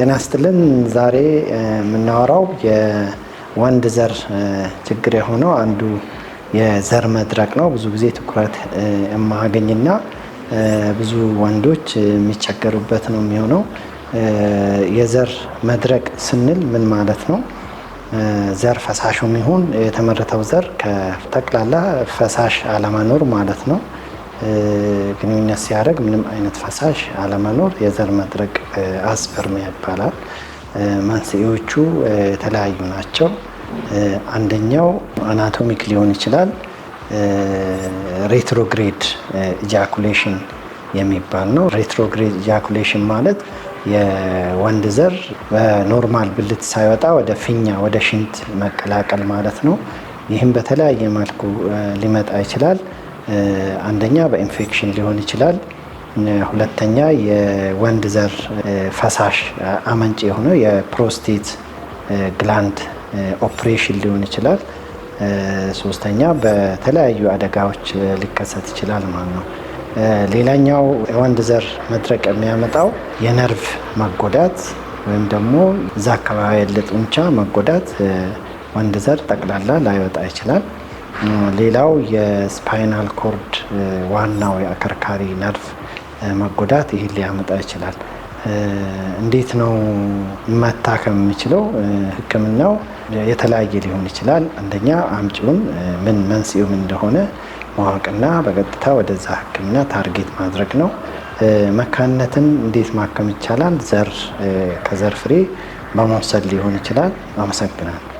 ጤና ስትልን ዛሬ የምናወራው የወንድ ዘር ችግር የሆነው አንዱ የዘር መድረቅ ነው። ብዙ ጊዜ ትኩረት የማገኝና ብዙ ወንዶች የሚቸገሩበት ነው የሚሆነው። የዘር መድረቅ ስንል ምን ማለት ነው? ዘር ፈሳሹ የሚሆን የተመረተው ዘር ከጠቅላላ ፈሳሽ አለመኖር ማለት ነው። ግንኙነት ሲያደርግ ምንም አይነት ፈሳሽ አለመኖር የዘር መድረቅ አስፐርሚያ ይባላል። መንስኤዎቹ የተለያዩ ናቸው። አንደኛው አናቶሚክ ሊሆን ይችላል። ሬትሮግሬድ ኢጃኩሌሽን የሚባል ነው። ሬትሮግሬድ ኢጃኩሌሽን ማለት የወንድ ዘር በኖርማል ብልት ሳይወጣ ወደ ፊኛ ወደ ሽንት መቀላቀል ማለት ነው። ይህም በተለያየ መልኩ ሊመጣ ይችላል። አንደኛ በኢንፌክሽን ሊሆን ይችላል። ሁለተኛ የወንድ ዘር ፈሳሽ አመንጭ የሆነው የፕሮስቴት ግላንድ ኦፕሬሽን ሊሆን ይችላል። ሶስተኛ በተለያዩ አደጋዎች ሊከሰት ይችላል ማለት ነው። ሌላኛው የወንድ ዘር መድረቅ የሚያመጣው የነርቭ መጎዳት ወይም ደግሞ እዛ አካባቢ ያለ ጡንቻ መጎዳት ወንድ ዘር ጠቅላላ ላይወጣ ይችላል። ሌላው የስፓይናል ኮርድ ዋናው የአከርካሪ ነርፍ መጎዳት ይህን ሊያመጣ ይችላል። እንዴት ነው መታከም የሚችለው? ህክምናው የተለያየ ሊሆን ይችላል። አንደኛ አምጪውን ምን መንስኤው ምን እንደሆነ ማወቅና በቀጥታ ወደዛ ህክምና ታርጌት ማድረግ ነው። መካንነትን እንዴት ማከም ይቻላል? ዘር ከዘር ፍሬ በመውሰድ ሊሆን ይችላል። አመሰግናል።